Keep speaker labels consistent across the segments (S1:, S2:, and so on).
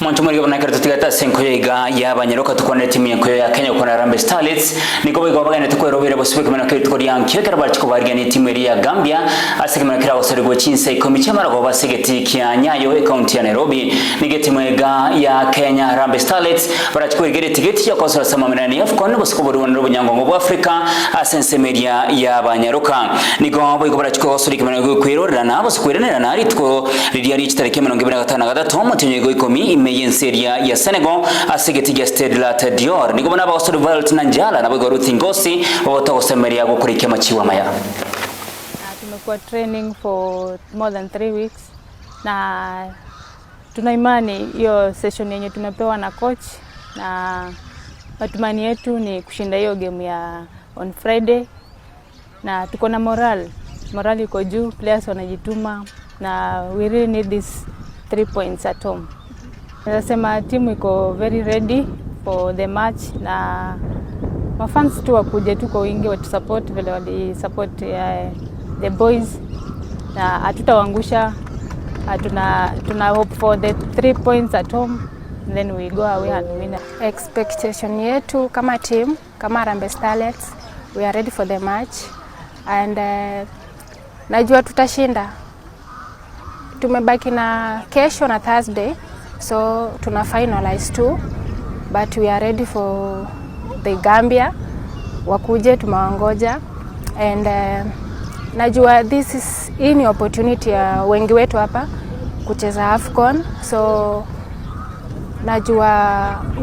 S1: Mwancho mweri gabana kertu tigata senko yega yaba tukwa na timu ya ya Kenya kuna Harambee Starlets niko bego bagane rovira robere kwa kemana kertu ya nkiwe kwa kerbar chiko bargane timu ya Gambia kwa mana kira osere chinsa chinse komiche mara goba geti kia nyayo e ya Nairobi nige timu yega ya Kenya Harambee Starlets barachiko igere tigeti ya kosora sama menani nubo bosiko bodu nrobo nyango Afrika asa nse media yaba nyeroka niko bego barachiko osore kemana go kwirorana bosiko irenera nari tuko ridia ri chitareke 2025 gatatu mu timu yego ikomi seria ya senegal asigitiga stade la tedior ba abagosori valt na njala nabwiga ruthi ngosi otogosemeria gukurikya machiwa maya
S2: tumekuwa training for more than 3 weeks na tuna imani hiyo session yenye tunapewa na coach, na matumaini yetu ni kushinda hiyo game ya on Friday, na tuko na moral, moral iko juu, players wanajituma na we really need these three points at home. Nasema timu iko very ready for the match na mafans tu wakuje tu kwa wingi watusupport vile wali support uh, eh, the boys na hatutawaangusha. Tuna, tuna hope for the three points at home then we go away and win.
S3: Expectation yetu kama team kama Harambee Starlets we are ready for the match and uh, najua tutashinda. Tumebaki na kesho na Thursday so tuna finalize tu but we are ready for the Gambia, wakuje tumewangoja and uh, najua this is hii ni opportunity ya uh, wengi wetu hapa kucheza AFCON so najua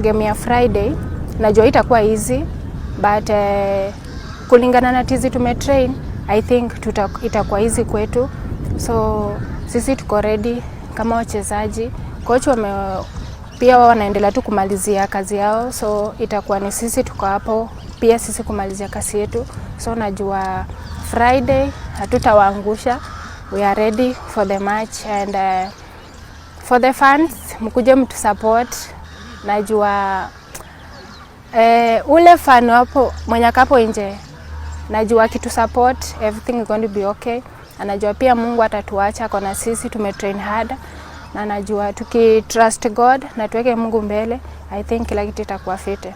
S3: game ya Friday najua itakuwa easy but uh, kulingana na tizi tumetrain I think tuta, itakuwa easy kwetu so sisi tuko ready kama wachezaji. Coach wame pia wao wanaendelea tu kumalizia kazi yao, so itakuwa ni sisi tuko hapo pia sisi kumalizia kazi yetu, so najua Friday hatutawaangusha. We are ready for the match and uh, for the fans mkuje mtu support. Najua uh, ule fan wapo mwenye kapo nje, najua kitu support everything is going to be okay. Anajua pia Mungu atatuacha, kwa na sisi tumetrain hard na najua trust God na tuweke Mungu mbele, I think kila kitu itakuwa fiti.